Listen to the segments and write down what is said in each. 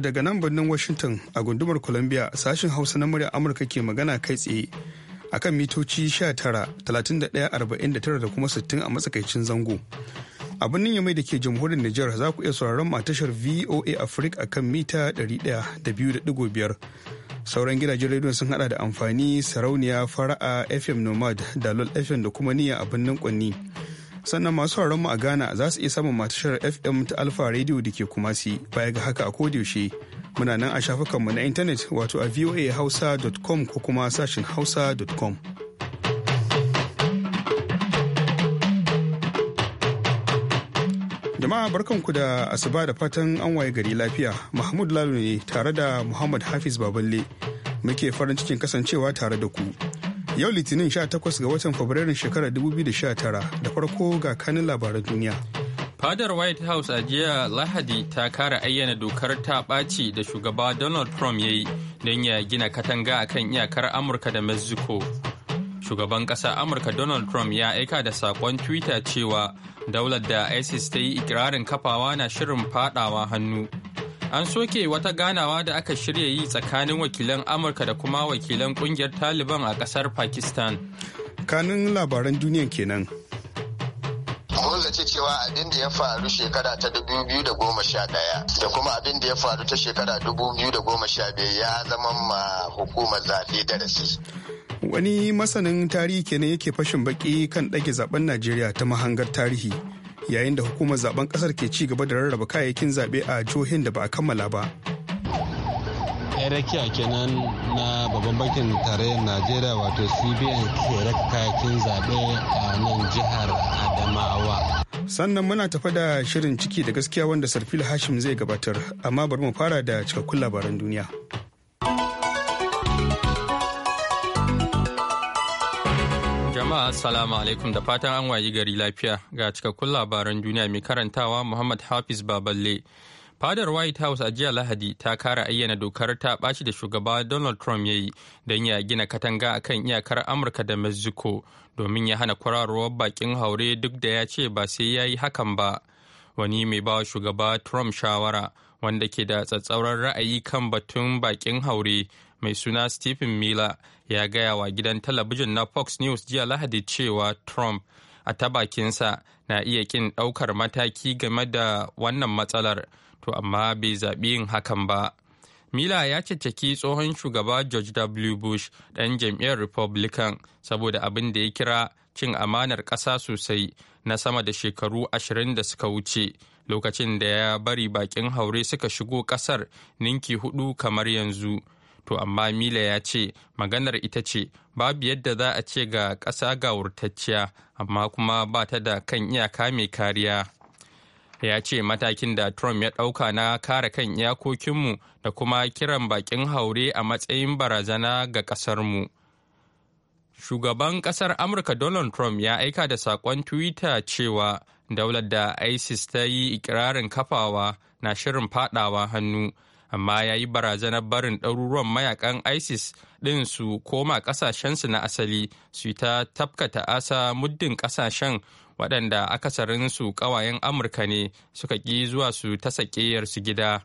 daga nan birnin Washington a gundumar Columbia sashen Hausa na murya Amurka ke magana kai tsaye akan mitoci 19, da kuma 60 a matsakaicin zango. A birnin Yamai da ke jamhuriyar niger za ku iya sauraron a tashar VOA Africa akan mita 100.5. Sauran gidajen rediyon sun hada da amfani sarauniya fara'a FM Nomad da LOL FM da kuma niyya a birnin Kwanni. sannan masu sauraron mu a Ghana za su iya samun matashar FM ta Alpha Radio da ke Kumasi baya ga haka a yaushe muna nan a shafukanmu na intanet wato a voahausa.com ko kuma sashin hausa.com. Jama'a barkanku da asuba da fatan an waye gari lafiya Mahmud Lalo ne tare da Muhammad Hafiz Baballe muke farin cikin kasancewa tare da ku. Yau Litinin 18 ga watan Fabrairun shekarar 2019 da farko ga kanin labaran duniya. Fadar White House a jiya Lahadi ta kara ayyana dokar ta ɓaci da shugaba Donald Trump ya yi don ya gina katanga a kan iyakar Amurka da Mexico. Shugaban ƙasa Amurka Donald Trump ya aika da saƙon Twitter cewa daular da ISIS ta yi ikirarin kafawa na shirin faɗawa hannu. An soke wata ganawa da aka shirya yi tsakanin wakilan Amurka da kuma wakilan kungiyar Taliban a kasar Pakistan. Kanin labaran duniya kenan. gwamnati cewa abin da ya faru shekara ta 2011 da kuma abin da ya faru ta shekara 2015 ya zama ma hukumar zaɓe darasi. Wani masanin tarihi kenan yake fashin baki kan ɗage zaben Najeriya ta mahangar tarihi. yayin da hukumar zaben kasar ke ci gaba da rarraba kayayyakin zaɓe a jihohin da ba a kammala ba. rakiya kenan na babban bankin tarayyar najeriya wato cbn ke raka kayakin zaɓe a nan jihar adamawa sannan muna tafa da shirin ciki da gaskiya wanda sarfil hashim zai gabatar amma bari mu fara da cikakkun labaran duniya. Assalamu alaikum da fatan an wayi gari lafiya ga cikakkun labaran duniya mai karantawa Muhammad Hafiz Baballe. Fadar White House a jiya Lahadi ta kara ayyana dokar ta ɓaci da shugaba Donald Trump ya yi don ya gina katanga a kan iyakar Amurka da Mexico domin ya hana kwararowar bakin haure duk da ya ce ba sai ya yi hakan ba. Wani mai bawa shugaba Trump shawara wanda ke da tsatsauran ra'ayi kan batun bakin haure mai suna Stephen Miller ya gaya wa gidan talabijin na Fox News jiya Lahadi cewa Trump a ta sa na iya kin ɗaukar mataki game da wannan matsalar, to amma bai zaɓi yin hakan ba. Miller ya caccaki tsohon shugaba George W. Bush ɗan jam'iyyar Republican saboda abin da ya kira cin amanar ƙasa sosai na sama da shekaru ashirin da suka wuce lokacin da ya bari bakin haure suka shigo ƙasar ninki hudu kamar yanzu. To amma Mila ya ce maganar ita ce babu yadda za a ce ga ƙasa ga amma kuma ba ta da kan iyaka mai kariya. Ya ce matakin da Trump ya ɗauka na kare kan iyakokinmu da kuma kiran bakin haure a matsayin barazana ga ƙasarmu. Shugaban ƙasar Amurka Donald Trump ya aika da saƙon Twitter cewa daular da ISIS ta yi ikirarin kafawa na shirin faɗawa hannu. amma ya yi barazanar barin ɗaruruwan mayakan isis ɗin su koma ƙasashensu na asali su ta tafkata asa muddin ƙasashen waɗanda akasarinsu ƙawayen amurka ne suka ƙi zuwa su ta su gida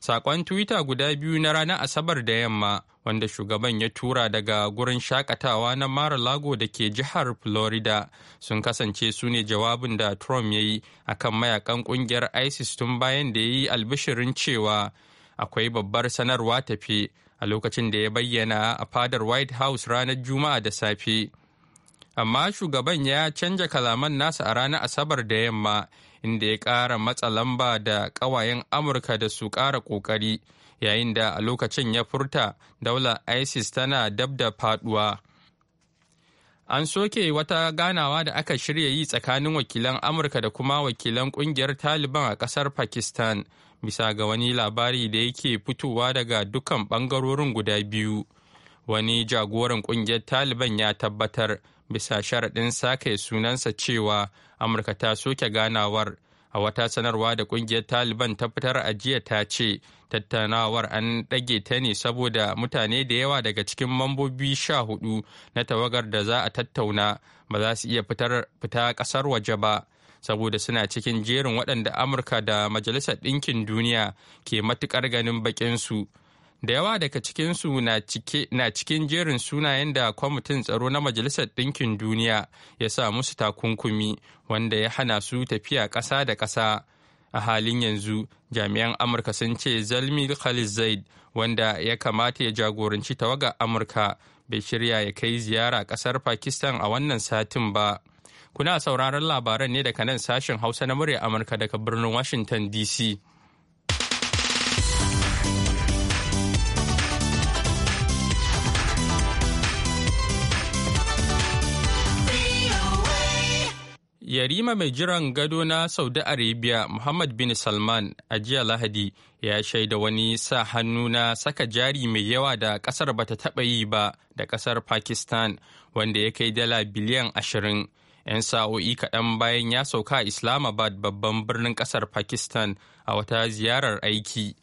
saƙon twitter guda biyu na ranar asabar da yamma wanda shugaban ya tura daga gurin shakatawa na mara lago da ke jihar florida sun kasance su ne jawabin da trump ya yi akan mayakan kungiyar isis tun bayan da ya yi albishirin cewa akwai babbar sanarwa tafi a lokacin da ya bayyana a fadar white house ranar juma'a da safe amma shugaban ya canja kalaman nasa a ranar asabar da yamma inda ya ƙara matsa lamba da ƙawayen amurka da su ƙara ƙoƙari yayin da a lokacin ya furta daular isis tana dab da faduwa an soke wata ganawa da aka shirya yi tsakanin wakilan amurka da kuma wakilan kungiyar taliban a ƙasar pakistan bisa ga wani labari da yake fitowa daga dukkan bangarorin guda biyu wani jagoran kungiyar taliban ya tabbatar bisa sharaɗin sake sunansa cewa amurka ta soke ganawar a wata sanarwa da kungiyar taliban ta fitar a jiya ta ce tattaunawar an ɗage ta ne saboda mutane da yawa daga cikin mambobi sha hudu na tawagar da za a tattauna ba za su iya fita ƙasar waje ba saboda suna cikin jerin waɗanda amurka da majalisar ɗinkin duniya ke matuƙar ganin baƙinsu da yawa daga cikinsu na cikin jerin sunayen da kwamitin tsaro na majalisar ɗinkin duniya ya sa musu takunkumi wanda ya hana su tafiya ƙasa da ƙasa a halin yanzu jami'an amurka sun ce zalmi khalid zaid wanda ya kamata ya jagoranci tawagar amurka bai shirya ya kai ziyara ƙasar pakistan a wannan satin ba Kuna sauraron labaran ne daga nan sashen Hausa na murya Amurka daga birnin Washington DC. Yarima mai jiran gado na Saudi Arabia Muhammad bin Salman a jiya Lahadi ya shaida wani sa hannu na saka jari mai yawa da kasar bata taɓa yi ba da kasar Pakistan wanda ya kai dala biliyan ashirin 'yan sa'o'i kaɗan bayan ya sauka a islamabad babban birnin ƙasar pakistan a wata ziyarar aiki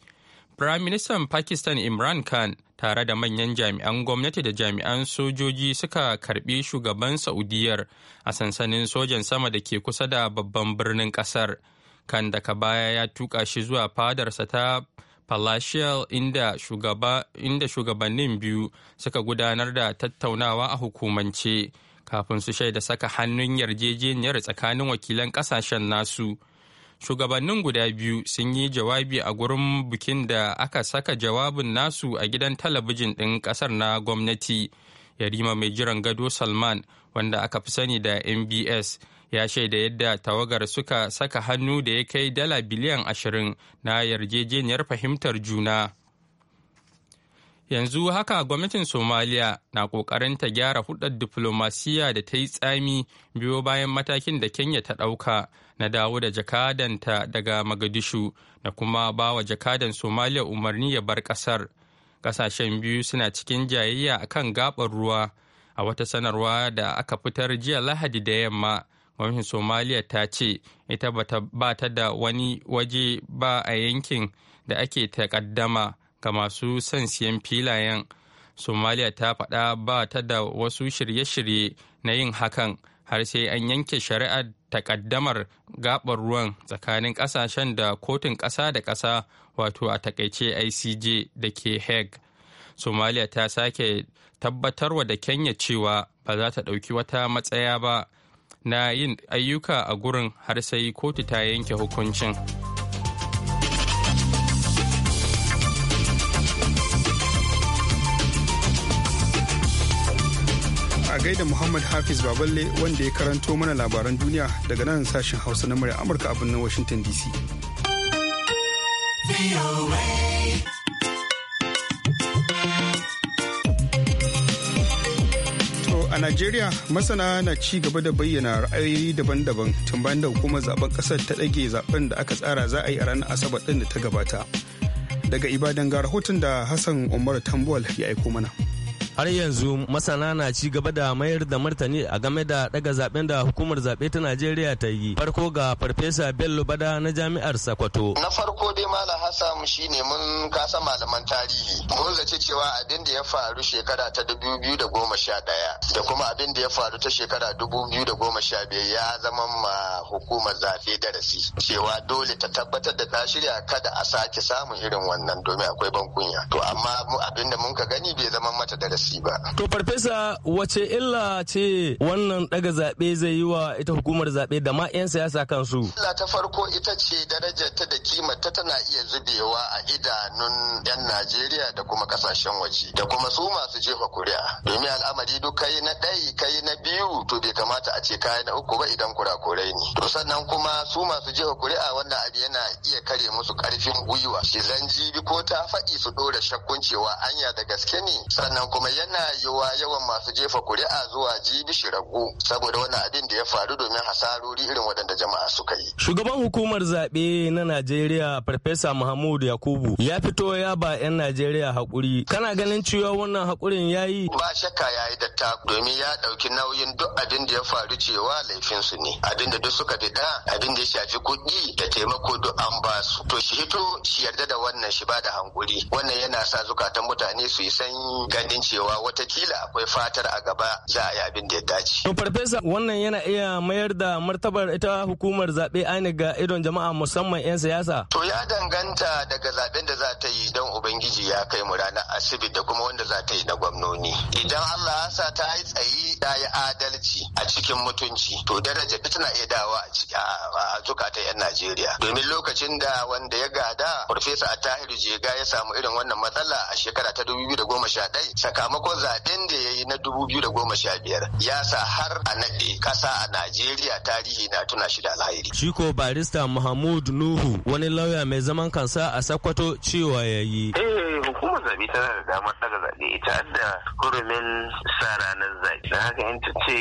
firaministan pakistan imran khan tare da manyan jami'an gwamnati da jami'an sojoji suka karbi shugaban saudiyar a sansanin sojan sama da ke kusa da babban birnin ƙasar kan daga baya ya tuka shi zuwa fadarsa ta palatial inda shugabannin biyu suka gudanar da tattaunawa a hukumance kafin su shaida saka hannun yarjejeniyar tsakanin wakilan kasashen nasu shugabannin guda biyu sun yi jawabi a gurin bikin da aka saka jawabin nasu a gidan talabijin ɗin ƙasar na gwamnati yarima mai jiran gado salman wanda aka fi sani da mbs ya shaida yadda tawagar suka saka hannu da ya kai dala biliyan ashirin na yarjejeniyar fahimtar juna yanzu haka gwamnatin somaliya na ƙoƙarin ta gyara hudar diflomasiyya da ta yi tsami biyo bayan matakin da kenya ta ɗauka na dawo da jakadanta daga magadishu da kuma ba wa jakadan somaliya umarni ya bar ƙasar ƙasashen biyu suna cikin jayayya akan gaɓar ruwa a wata sanarwa da aka fitar jiya lahadi da yamma gwamnatin somaliya ta ce ita ba ta da wani waje ba a yankin da ake takaddama ga masu son siyan filayen somaliya ta faɗa ba ta da wasu shirye-shirye na yin hakan har sai an yanke shari'ar takaddamar gabar ruwan tsakanin ƙasashen da kotun ƙasa da ƙasa wato a takaice icj da ke hague somaliya ta sake tabbatarwa da kenya cewa ba za ta ɗauki wata matsaya ba na yin ayyuka a gurin har sai kotu ta yanke hukuncin. a gaida Muhammad Hafiz Baballe wanda ya karanto mana labaran duniya daga nan sashen Hausa na murya Amurka a birnin Washington DC. a Najeriya masana na ci gaba da bayyana ra'ayoyi daban-daban tun bayan da hukumar zaben kasar ta ɗage zaben da aka tsara za a yi a ranar Asabar ɗin da ta gabata. Daga Ibadan ga rahoton da Hassan Umar Tambuwal ya aiko mana. har yanzu masana na ci gaba da mayar da martani a game da daga zaben da hukumar zabe ta najeriya ta yi farko ga farfesa bello bada na jami'ar sakwato na farko dai malam hassan shine mun kasa malaman tarihi mun zace cewa abin da ya faru shekara ta dubu da kuma abin da ya faru ta shekara dubu ya zama ma hukumar zaɓe darasi cewa dole ta tabbatar da ta shirya kada a sake samun irin wannan domin akwai bankunya to amma abin da mun ka gani bai zama mata darasi aiki ba. To farfesa wace illa ce wannan daga zaɓe zai yi wa ita hukumar zaɓe da ma 'yan siyasa kansu? Illa ta farko ita ce darajar ta da kima ta tana iya zubewa a idanun 'yan Najeriya da kuma kasashen waje da kuma su masu jefa kuri'a. Domin al'amari duk kai na ɗai kai na biyu to bai kamata a ce kai na uku ba idan kurakurai ne. To sannan kuma su masu jefa kuri'a wanda abu yana iya kare musu ƙarfin gwiwa. Shi jibi ko ta faɗi su ɗora shakkun cewa anya da gaske ne sannan kuma yana yiwa yawan masu jefa kuri'a zuwa jibi shi ragu saboda wani abin da ya faru domin hasarori irin waɗanda jama'a suka yi. Shugaban hukumar zaɓe na Najeriya Farfesa Muhammadu Yakubu ya fito ya ba 'yan Najeriya haƙuri. Kana ganin cewa wannan haƙurin ya yi? Ba shakka ya yi datta domin ya ɗauki nauyin duk abin da ya faru cewa laifinsu ne. Abin da duk suka fita abin da ya shafi kuɗi da taimako duk an ba su. To shi hito shi yarda da wannan shi ba da hankuri. Wannan yana sa zukatan mutane su yi san ganin cewa cewa watakila akwai fatar a gaba za a yi abin da ya dace. To farfesa wannan yana iya mayar da martabar ita hukumar zaɓe INEC ga idon jama'a musamman 'yan siyasa. To ya danganta daga zaɓen da za ta yi don Ubangiji ya kai mu ranar asibiti da kuma wanda za ta yi na gwamnoni. Idan Allah ya sa ta yi tsayi ta yi adalci a cikin mutunci to daraja tana iya dawa a ta 'yan Najeriya. Domin lokacin da wanda ya gada Farfesa tahiru Jega ya samu irin wannan matsala a shekara ta 2011 saka sakamakon zaben da ya yi na 2015 ya sa har a naɗe kasa a Najeriya tarihi na tuna shi da alhairi. Shiko barista mahmud Nuhu wani lauya mai zaman kansa a Sokoto cewa ya yi. Eh hukumar zabe tana da damar daga zabe ita da hurumin sa ranar zabe. Da haka in ta ce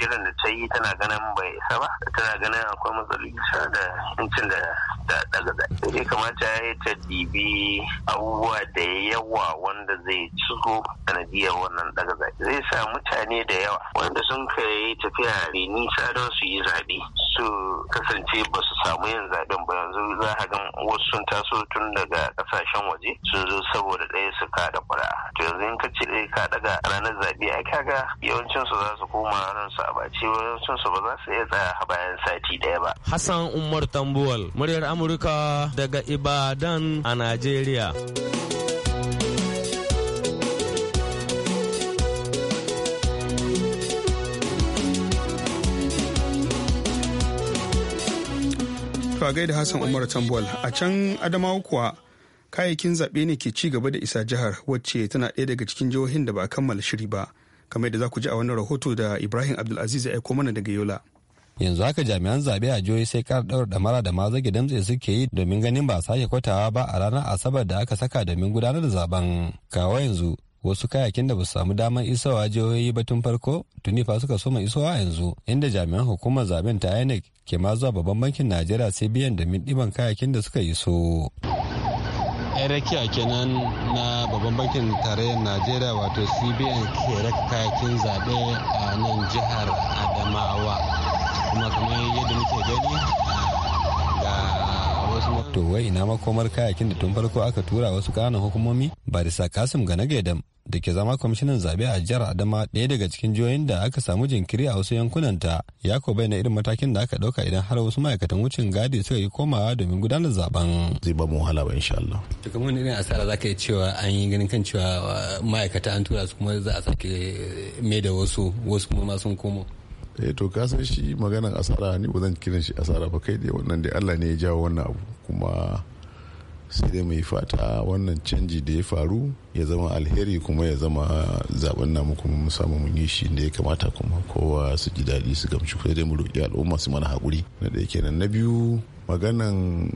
shirin da ta yi tana ganin bai isa ba tana ganin akwai matsaloli da incin da da daga zabe. Sai kamata ya ta dibi abubuwa da yawa wanda zai ci shigo sanadiyar wannan daga zaɓe zai sa mutane da yawa wanda sun kai tafiya mai nisa don su yi zaɓe su kasance ba su samu yin zaɓen ba yanzu za a ga wasu sun taso tun daga ƙasashen waje sun zo saboda ɗaya su kaɗa ƙuri'a to yanzu in ka ce ɗaya ka daga ranar zaɓe a kaga yawancin su za su koma ranar su a bace yawancin su ba za su iya tsaya bayan sati ɗaya ba. Hassan Umar Tambuwal, muryar Amurka daga Ibadan a Najeriya. to a gaida Hassan Umar Tambol a can Adamawa kuwa kayayyakin zaɓe ne ke ci gaba da isa jihar wacce tana ɗaya daga cikin jihohin da ba a kammala shiri ba kamar yadda za ku ji a wannan rahoto da Ibrahim Abdulaziz ya aiko mana daga Yola. yanzu haka jami'an zaɓe a jihohi sai kar daura damara da ma zage damtse suke yi domin ganin ba sake kwatawa ba a ranar asabar da aka saka domin gudanar da zaben kawo yanzu wasu kayakin da ba su samu damar isowa jihohi ba tun farko tuni fa suka soma isowa yanzu inda jami'an hukumar zaben ta inec ke ma zuwa babban bankin najeriya sai biyan da diban kayakin da suka iso yan rakiya kenan na babban bankin tarayyar najeriya wato cbn ke kayakin zaɓe a nan jihar adamawa kuma kamar yadda muke gani to wai ina makomar kayakin da tun farko aka tura wasu ƙananan hukumomi barisa kasim na gaidam da ke zama kwamishinan zabe a jihar adama ɗaya daga cikin jihohin da aka samu jinkiri a wasu yankunanta ya ko bayyana irin matakin da aka ɗauka idan har wasu ma'aikatan wucin gadi suka yi komawa domin gudanar zaben zai ba mu wahala ba insha Allah to kamar wani irin asara zaka yi cewa an yi ganin kan cewa uh, ma'aikata an tura su kuma za a sake uh, mai da wasu wasu kuma ma sun komo eh to ka san shi maganar asara ni ba zan kiran shi asara ba kai dai wannan dai Allah ne ya jawo wannan abu kuma sai dai mai fata wannan canji da ya faru ya zama alheri kuma ya zama zaben namu kuma mu samu mun yi shi da ya kamata kuma kowa su ji daɗi su gamshi kuma dai mu roƙi al'umma su mana haƙuri na ɗaya kenan na biyu maganan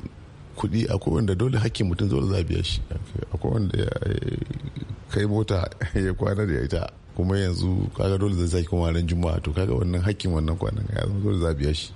kuɗi akwai wanda dole hakkin mutum zai za a biya shi akwai wanda ya kai mota ya kwana da ita kuma yanzu kaga dole zai zaki kuma ran juma'a to kaga wannan hakkin wannan kwanan ya zama dole za a biya shi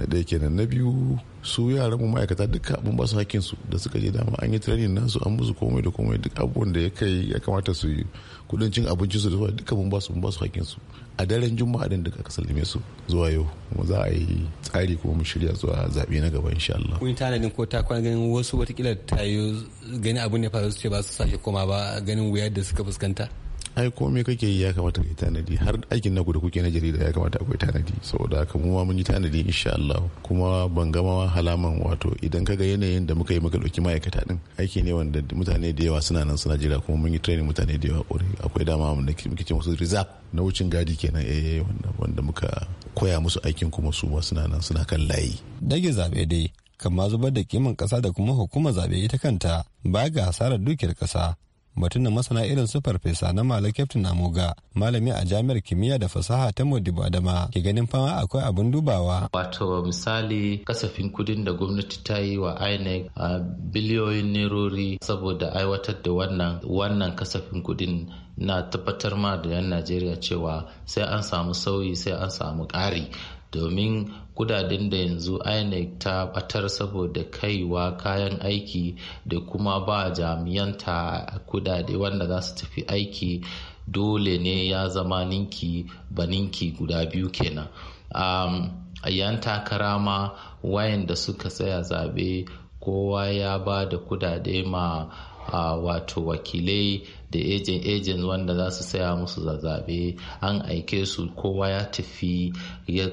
na ɗaya kenan na biyu su yaran mu ma'aikata duka abun ba su hakkin su da suka je dama an yi training nasu an musu komai da komai duk abubuwan da ya kai ya kamata su yi kudin cin abinci su da duka mun ba su mun su hakkin su a daren juma'a din duka aka sallame su zuwa yau kuma za a yi tsari kuma mu shirya zuwa zabe na gaba insha Allah kun tanadin ko ta kwana ganin wasu watakila yi gani abun ne faru su ce ba su sake koma ba ganin wuyar da suka fuskanta ai komai kake yi ya kamata kai tanadi har aikin na gudu kuke na jarida ya kamata akwai tanadi saboda haka mu ma mun yi tanadi insha Allah kuma ban gama halaman wato idan kaga yanayin da muka yi muka dauki ma'aikata din aiki ne wanda mutane da yawa suna nan suna jira kuma mun yi training mutane da yawa kore akwai dama mun da muke ce musu reserve na wucin gadi kenan eh, eh wanda wanda muka koya musu aikin kuma su ma suna nan suna kan layi dage zabe dai kama zubar da kiman kasa da kuma hukumar zabe ita kanta ba ga hasarar dukiyar kasa batun da masana irin su farfesa na mala kyaftin amoga malami a jami'ar kimiyya da fasaha ta modibo adama ke ganin fama akwai abin dubawa wato misali kasafin kudin da gwamnati ta yi wa inec a biliyoyin nerori saboda aiwatar da wannan wannan kasafin kudin na tabbatar ma da 'yan najeriya cewa sai an samu sauyi sai an samu ƙari domin kudaden da yanzu inec ta batar saboda kaiwa kayan aiki da kuma ba jami'anta kudade wanda za su tafi aiki dole ne ya zama ninki ba ninki guda biyu kenan um, yan takara ma wayanda suka tsaya zaɓe kowa ya ba da kudade ma uh, wato wakilai da agent agent wanda za su saya musu zazzabe an aike su kowa ya tafi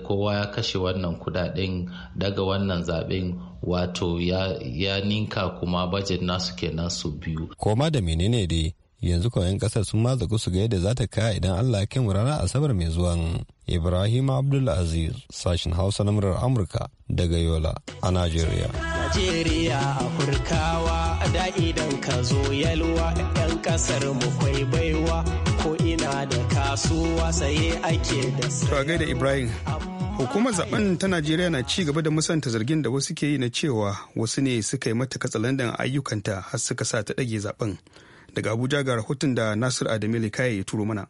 kowa ya kashe wannan kudaden daga wannan zaben wato ya, ya ninka kuma bajet nasu kenan su biyu koma da menene dai yanzu kawai kasar sun maza su ga yadda za ta kaya idan allah ya kai mu asabar mai zuwan Ibrahim Abdulaziz sashen Hausa na murar Amurka daga Yola a Najeriya. Najeriya Afirkawa da idan ka zo yalwa 'yan kasar mu kwai baiwa ko ina da kasuwa saye ake da saye. da Ibrahim. Hukumar zaben ta Najeriya na ci gaba da musanta zargin da wasu ke yi na cewa wasu ne suka yi mata katsalandan ayyukanta har suka sa ta ɗage zaben. Daga Abuja ga rahoton da Nasir Adamu likaya ya turo mana.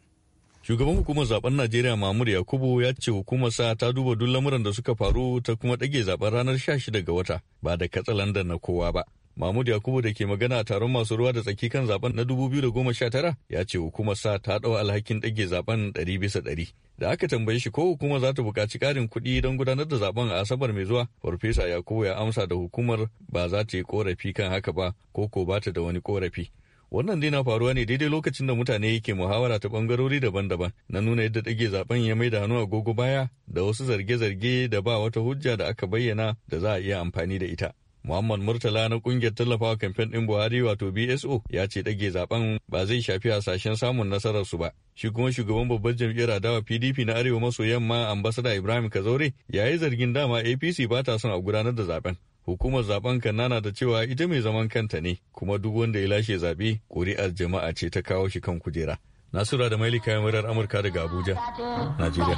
Shugaban hukumar zaben Najeriya Mahmud Yakubu ya ce hukumarsa ta duba duk lamuran da suka faru ta kuma ɗage zaben ranar 16 ga wata ba da katsalandan na kowa ba. Mahmud Yakubu da ke magana a taron masu ruwa da tsaki kan zaben na 2019 ya ce hukumar sa ta ɗau alhakin ɗage zaben 100 bisa 100. Da aka tambaye shi ko hukumar za ta buƙaci ƙarin kuɗi don gudanar da zaben a Asabar mai zuwa, Farfesa Yakubu ya amsa da hukumar ba za ta yi ƙorafi kan haka ba ko ko ba ta da wani ƙorafi. Wannan dai na faruwa ne daidai lokacin da mutane ke muhawara ta bangarori daban-daban na nuna yadda ɗage zaben ya mai da hannu agogo baya da wasu zarge-zarge da ba wata hujja da aka bayyana da za a iya amfani da ita. Muhammad Murtala na kungiyar tallafawa kamfen ɗin Buhari wato BSO ya ce dage zaben ba zai shafi hasashen samun nasararsu ba. Shi kuma shugaban babban jam'iyyar adawa PDP na Arewa maso yamma ambasada Ibrahim Kazaure ya yi zargin dama APC ba ta son a gudanar da zaben. Hukumar zaben kanana da cewa ita mai zaman kanta ne kuma duk wanda ya lashe zaɓe ƙuri'ar jama'a ce ta kawo shi kan kujera. Nasura da mai ya murar Amurka daga Abuja, Najeriya.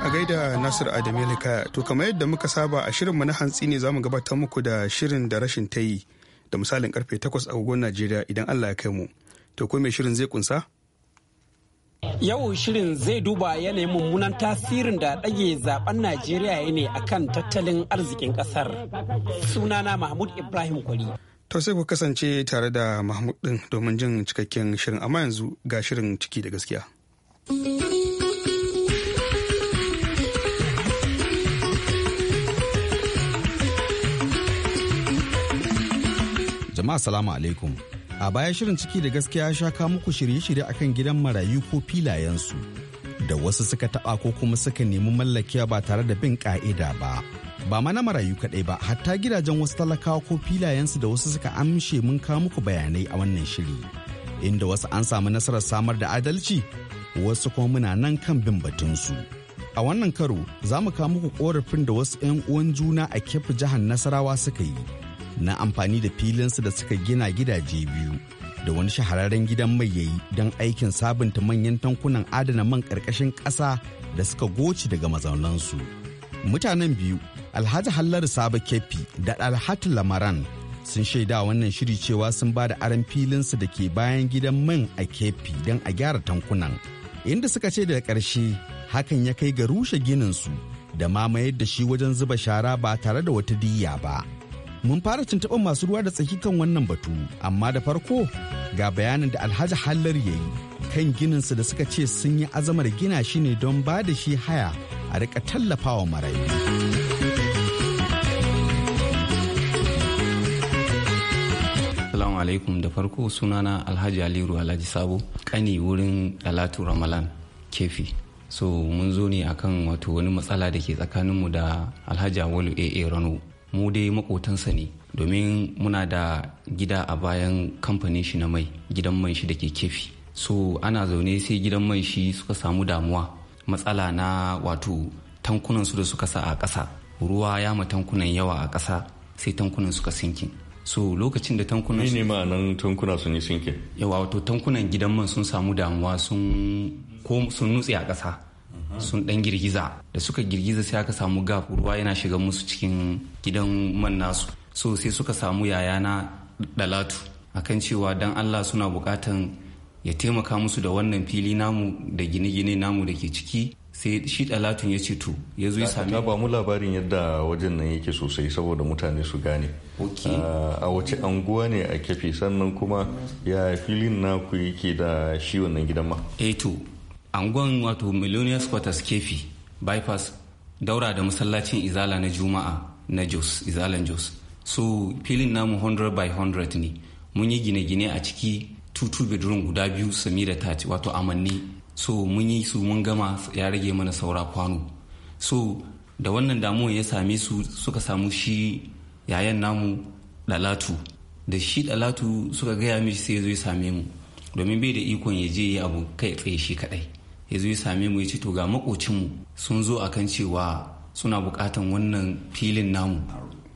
A gaida Nasir Adamu to kamar yadda muka saba a shirinmu na hantsi ne zamu gabatar muku da shirin da rashin ta yi da misalin karfe 8 agogon Najeriya idan Allah ya kai mu. to ko mai shirin zai kunsa Yau shirin zai duba yanayin mummunan tasirin da ɗage zaben Najeriya ya ne akan tattalin arzikin ƙasar. Sunana Mahmud Ibrahim Kwari. To sai ku kasance tare da Mahmud ɗin domin jin cikakken shirin amma yanzu ga shirin ciki da gaskiya. Jama'a salamu alaikum. A baya shirin ciki da gaskiya sha ka muku shirye-shirye a kan gidan marayu ko filayensu da wasu suka taɓa ko kuma suka nemi mallakiya ba tare da bin ƙa'ida ba. Ba ma na marayu kaɗai ba, hatta gidajen wasu talakawa ko filayensu da wasu suka amshe mun ka muku bayanai a wannan shiri. Inda wasu an samu nasarar samar da adalci, wasu kuma muna nan kan bin batunsu. A wannan karo, za mu kawo muku ƙorafin da wasu 'yan uwan juna a kefi jihar Nasarawa suka yi. na amfani da filinsu da suka gina gidaje biyu da wani shahararren gidan mai yayi don aikin sabunta manyan tankunan adana man ƙarƙashin ƙasa da suka goce daga mazaunansu. Mutanen biyu, Alhaji Hallar Saba Kefi da Alhaji Lamaran sun shaida wannan shiri cewa sun ba da aron filinsu da ke bayan gidan man a Kefi don a gyara tankunan. Inda suka ce daga ƙarshe hakan ya kai ga rushe su da mamayar da shi wajen zuba shara ba tare da wata diyya ba. mun fara tuntuɓar masu ruwa da tsaki kan wannan batu amma da farko ga bayanin da alhaji hallar ya yi kan gininsa da suka ce sun yi azamar gina shi ne don ba da shi haya a rika tallafawa marayu Assalamu alaikum da farko sunana Alhaji Aliru Alhaji Sabo kani wurin Dalatu Ramalan kefi. So mun zo ne akan wato wani matsala da ke tsakaninmu da Alhaji Awalu AA Rano mu dai makotansa ne domin muna da gida a bayan kamfanin shi na mai gidan man shi da ke kefi so ana zaune sai gidan man shi suka samu damuwa matsala na wato tankunan su da suka sa a ƙasa ruwa ya ma tankunan yawa a ƙasa sai tankunan suka sinkin so lokacin da tankunan ne ma'anan tankuna sun yi sinkin yawa wato tankunan gidan man sun samu damuwa sun ko sun nutse a ƙasa sun dan girgiza da suka girgiza sai aka samu gap ruwa yana shiga musu cikin gidan man nasu so sai suka samu yayana dalatu akan cewa dan Allah suna bukatan ya taimaka musu da wannan fili namu da gine-gine namu da ke ciki sai shi dalatun ya ce to ya zo ya sami ba mu labarin yadda wajen nan yake sosai saboda mutane su gane ah, a wace anguwa ne a kefe sannan kuma ya filin naku yake da shi wannan gidan ma eh to angon wato millionaires quarters kefi bypass daura da masallacin izala na juma'a na jos izalan jos so filin namu 100 by 100 ne mun yi gine-gine a ciki tutu bedroom guda biyu sami da tati wato amanni so mun yi su mun gama ya rage mana saura kwano so da wannan damuwan ya same su suka samu shi yayan namu dalatu da shi dalatu suka gaya mishi sai ya zo ya same mu domin bai da ikon ya je abu kai tsaye shi kadai ya zo ya same mu ya ce to ga makocinmu sun zo akan cewa suna bukatan wannan filin namu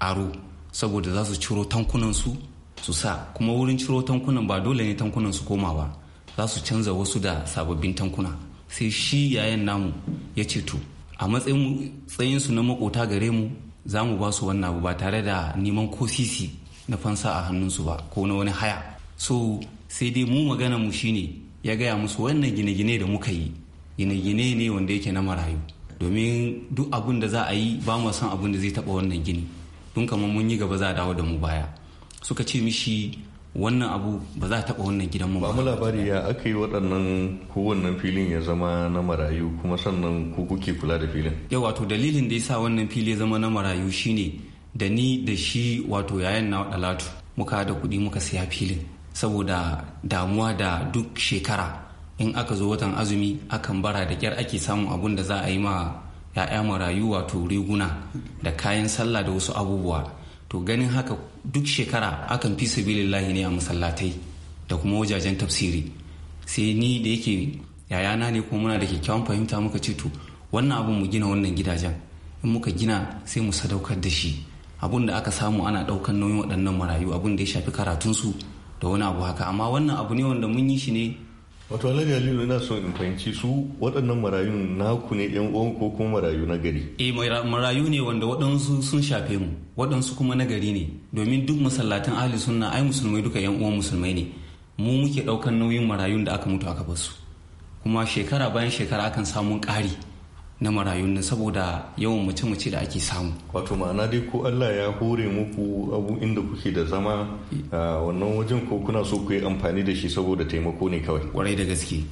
aro saboda za su ciro tankunansu su sa kuma wurin ciro tankunan ba dole ne tankunan su koma ba za su canza wasu da sababbin tankuna sai shi yayan namu ya ce to a matsayin su na makota gare mu za mu ba su wannan abu ba tare da neman ko sisi na fansa a hannunsu ba ko na wani haya so sai dai mu magana mu shine ya gaya musu wannan gine-gine da muka yi gine-gine ne wanda yake na marayu domin duk abun da za a yi ba mu san abun da zai taba wannan gini don kamar mun yi gaba za a dawo da mu baya suka ce mishi wannan abu ba za a taba wannan gidan mu ba mu labari ya aka yi waɗannan kowannan filin ya zama na marayu kuma sannan ku kuke kula da filin yau wato dalilin da yasa wannan fili ya zama na marayu shine da ni da shi wato yayan na dalatu muka da kuɗi muka siya filin saboda damuwa da duk shekara in aka zo watan azumi akan bara da kyar ake samun abun da za a yi ma ya'ya marayu wato riguna da kayan sallah da wasu abubuwa to ganin haka duk shekara akan fi sabilillahi ne a masallatai da kuma wajajen tafsiri sai ni da yake yayana ne kuma muna da kyakkyawan fahimta muka ce to wannan abun mu gina wannan gidajen in muka gina sai mu sadaukar da shi abun da aka samu ana daukan nauyin waɗannan marayu abun da ya shafi karatunsu da wani abu haka amma wannan abu ne wanda mun yi shi ne wato alhaji aliyu ina son in fahimci su waɗannan marayun naku ne yan uwan ko kuma marayu na gari eh marayu ne wanda waɗansu sun shafe mu waɗansu kuma na gari ne domin duk masallatan ahli sunna ai musulmai duka yan uwan musulmai ne mu muke ɗaukan nauyin marayun da aka mutu aka basu kuma shekara bayan shekara akan samun ƙari na marayun na saboda yawan mace-mace da ake samu. Wato ma'ana dai ko Allah ya hore muku abu inda kuke da zama a wannan wajen ko kuna so ku yi amfani da shi saboda taimako ne kawai. Kwarai da gaske.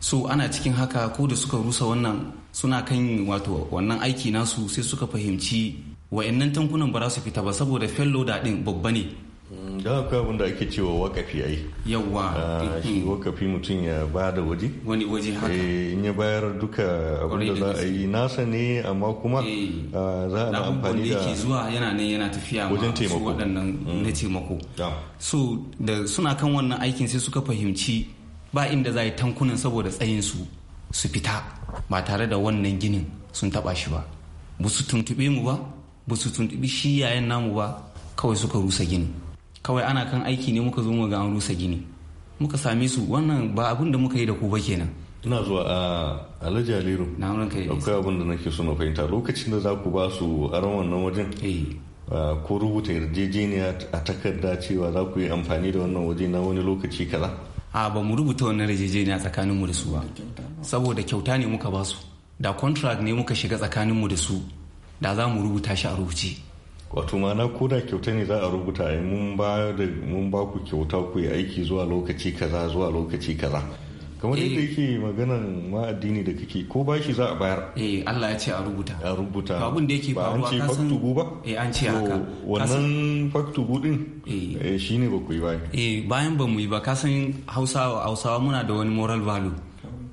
So ana cikin haka ko da suka rusa wannan suna kan wato wannan aiki nasu sai suka fahimci wa'annan tankunan ba za su fita ba saboda fellow da din babba ne Mm, da kuwa abin da ake cewa wakafi ai yawa ah, shi mm. wakafi mutum ya ba da waje wani waje haka eh, in ya bayar duka abin da za a yi nasa ne amma kuma eh. ah, za a amfani da yake zuwa yana nan yana tafiya wajen taimako waɗannan mm. na taimako so da suna kan wannan aikin sai suka fahimci ba inda za a yi tankunan saboda tsayin su su fita ba tare da wannan ginin sun taba shi ba ba su tuntuɓe mu ba ba su tuntuɓi shi yayan namu ba kawai suka rusa ginin kawai ana kan aiki ne muka zo mu ga an rusa gini muka same su wannan ba abin da muka yi da ku ba kenan ina zuwa a alhaji aliru na akwai abin da nake so na fahimta lokacin da za ku ba su aron wannan wajen eh. ko rubuta yarjejeniya a takarda cewa za ku yi amfani da wannan waje na wani lokaci kaza a ba mu rubuta wannan yarjejeniya tsakanin mu da su ba saboda kyauta ne muka ba su da contract ne muka shiga tsakanin mu da su da za mu rubuta shi a rubuce wato mana ko da kyauta ne za a rubuta a mun ba da mun ba ku kyauta ku yi aiki zuwa lokaci kaza zuwa lokaci kaza kamar eh. yadda yake maganan ma addini da kake ko bashi za a bayar eh Allah ya ce a rubuta a rubuta ba abin da yake faruwa ka san faktubu ba eh an ce haka wannan faktubu din eh, eh shine ba ku yi ba eh bayan ba mu yi ba ka san Hausawa Hausawa muna da wani moral value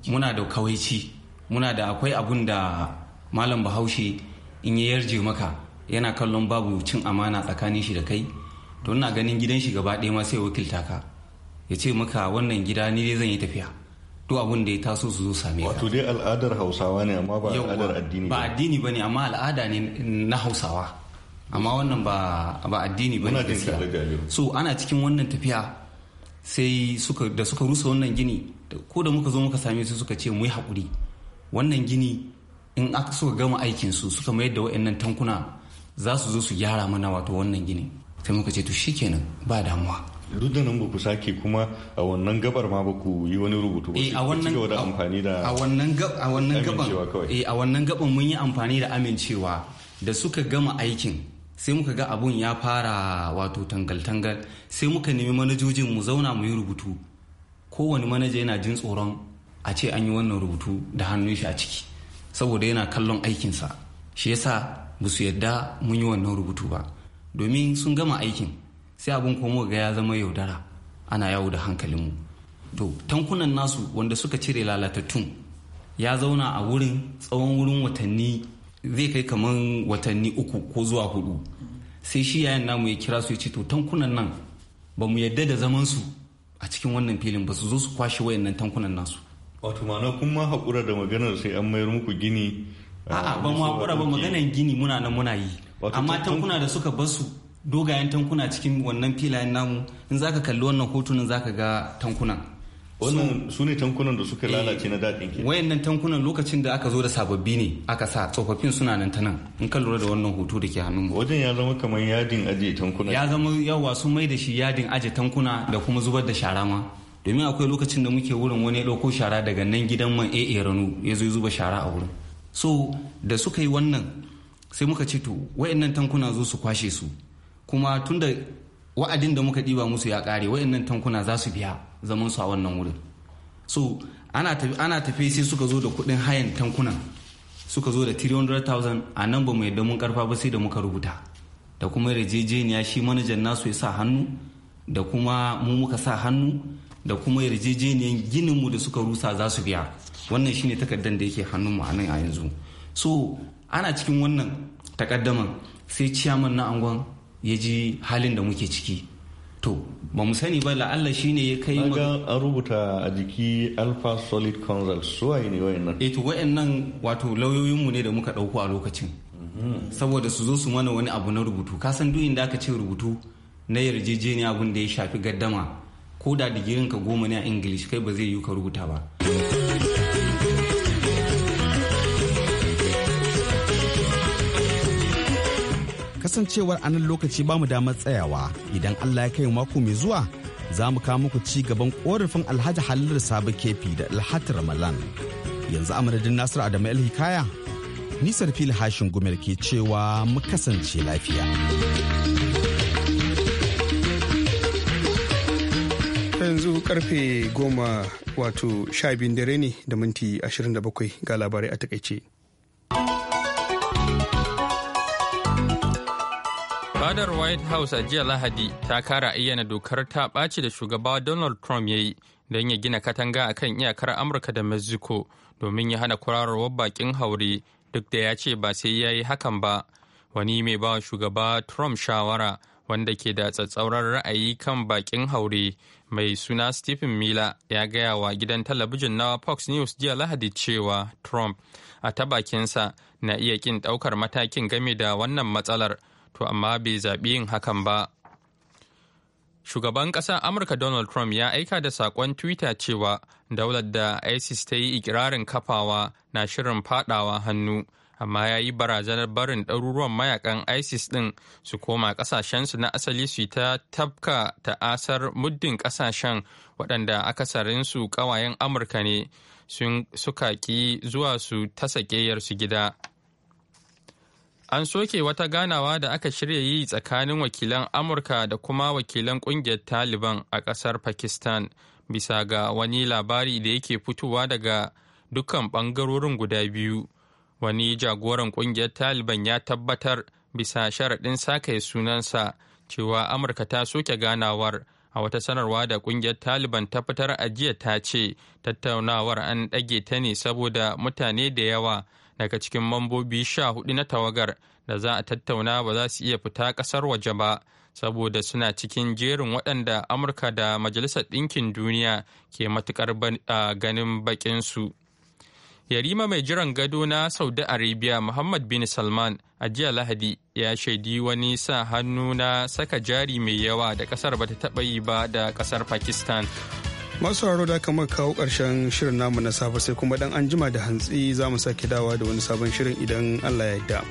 muna da kawaici muna da akwai abun da malam Bahaushe in yi yarje maka yana kallon babu cin amana tsakanin shi da kai to ina ganin gidan shi gaba ɗaya ma sai wakilta ka ya ce maka wannan gida ni dai zan yi tafiya duk abun da ya taso su zo same ka wato dai al'adar hausawa ne amma ba al'adar addini ba addini bane amma al'ada ne na hausawa amma wannan ba ba addini bane gaskiya so ana cikin wannan tafiya sai suka da suka rusa wannan gini ko da muka zo muka same su suka ce mu yi hakuri wannan gini in aka suka gama aikin su suka mayar da waɗannan tankuna za su zo su gyara mana wato wannan gini sai muka ce to shikenan ba damuwa duk da nan ba ku sake kuma a wannan gabar ma ba yi wani rubutu ba eh, a wannan da amfani da a wannan a wannan gaban eh a wannan mun yi amfani da amincewa da suka gama aikin sai muka ga abun ya fara wato tangal-tangal sai muka nemi manajojin mu zauna mu yi rubutu kowane manaja yana jin tsoron a ce an yi wannan rubutu da hannun shi a ciki saboda yana kallon aikinsa shi yasa ba su yadda mun yi wannan rubutu ba domin sun gama aikin sai abin komo ga ya zama yaudara ana yawo da hankalinmu to tankunan nasu wanda suka cire lalatattun ya zauna a wurin tsawon wurin watanni zai kai kamar watanni uku ko zuwa hudu sai shi yayin namu ya kira su ya ce to tankunan nan ba mu yadda da zaman su a cikin wannan filin ba su zo su kwashe wayannan tankunan nasu wato ma'ana kun haƙura da maganar sai an mayar muku gini a'a ah, ba mu hakura ba maganan gini muna nan muna yi amma tankuna da suka basu dogayen tankuna cikin wannan filayen namu in za ka kalli wannan hotunan za ka ga tankunan wannan su ne tankunan da suka lalace na daɗin ke wayannan tankunan lokacin da aka zo da sababbi ne aka sa tsofaffin suna nan ta nan in ka lura da wannan hoto da ke hannun mu wajen ya zama kamar yadin aje tankuna ya zama yawa sun mai da shi yadin aje tankuna da kuma zubar da shara ma domin akwai lokacin da muke wurin wani ɗauko shara daga nan gidan man AA Rano ya zo zuba shara a wurin so da suka yi wannan sai muka ce to wayannan tankuna zo su kwashe su kuma tunda wa'adin da muka ɗiba musu ya ƙare wayannan tankuna za su biya zaman su a wannan wurin so ana tafi sai suka zo da kuɗin hayan tankunan suka zo da 300,000 a nan ba mu yadda karfa ba sai da muka rubuta da kuma yarjejeniya shi manajan nasu ya sa hannu da kuma mu muka sa hannu da kuma yarjejeniyar gininmu da suka rusa za su biya wannan shine takardar da yake hannunmu a nan a yanzu so ana cikin wannan takaddaman sai ciyaman na angon ya ji halin da muke ciki to ba mu sani ba la'alla shine ya kai ga an rubuta a jiki alpha solid council suwaye ne nan. e eh, to nan wato lauyoyinmu ne da muka ɗauko a lokacin mm-hmm. saboda su zo su mana wani abu na rubutu kasan duk inda aka ce rubutu na yarjejeniya abun da ya shafi gaddama ko da digirin ka goma ne a english kai ba zai yi ka rubuta ba kasancewar a lokaci ba mu damar tsayawa idan allah ya kai mako mai zuwa za mu kawo muku ci gaban korafin alhaji halilu sabu kefi da alhaji ramalan yanzu a madadin nasiru adamu hikaya nisar fili hashin gumel ke cewa mu kasance lafiya karfe goma wato sha biyun dare ne da minti 27 ga labarai a takaice. Fadar White House a jiya Lahadi ta kara ayyana dokar ta ɓaci da shugaba Donald Trump ya yi don ya gina katanga a kan iyakar Amurka da Mexico domin ya hana kurarowar bakin haure duk da ya ce ba sai ya yi hakan ba. Wani mai ba shugaba Trump shawara wanda ke da tsatsauran ra'ayi kan bakin haure mai suna Stephen Miller ya gaya wa gidan talabijin na Fox News jiya Lahadi cewa Trump a ta bakinsa na iya kin ɗaukar matakin game da wannan matsalar, to amma bai zaɓi yin hakan ba. Shugaban ƙasar Amurka Donald Trump ya aika da saƙon Twitter cewa daular da ISIS ta yi ikirarin kafawa na shirin faɗawa hannu amma ya yi barazanar barin ɗaruruwan mayakan isis ɗin su koma ƙasashensu na asali su ta tabka ta'asar muddin ƙasashen waɗanda su ƙawayen amurka ne suka ƙi zuwa su ta sakeyarsu gida an soke wata ganawa da aka shirya yi tsakanin wakilan amurka da kuma wakilan ƙungiyar taliban a ƙasar pakistan bisa ga wani labari da yake fitowa daga dukkan ɓangarorin guda biyu wani jagoran kungiyar taliban ya tabbatar bisa sharaɗin sakaye sunansa cewa amurka ta soke ganawar a wata sanarwa da kungiyar taliban ta fitar ajiya ta ce tattaunawar an ɗage ta ne saboda mutane da yawa daga cikin mambobi sha hudu na tawagar da za a tattauna ba za su iya fita ƙasar waje ba saboda suna cikin jerin waɗanda amurka da majalisar ɗinkin duniya ke matuƙar ganin baƙinsu. su Yarima mai jiran gado na Saudi Arabia Muhammad bin Salman a jiya Lahadi ya shaidi wani sa hannu na saka jari mai yawa da kasar bata taɓa yi ba da kasar Pakistan. Masu haro da kama kawo ƙarshen shirin namu na safe sai kuma dan anjima da hantsi za mu sake dawa da wani sabon shirin idan Allah ya yarda.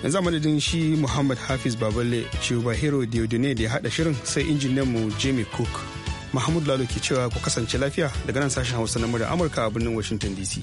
Yan zamanin shi Muhammad Hafiz Baballe, Shubahiro Diodune da ya haɗa shirin sai mu Jimmy Cook. Mahmud Lalo ke cewa ku kasance lafiya daga nan sashen Hausa na murya Amurka a birnin Washington DC.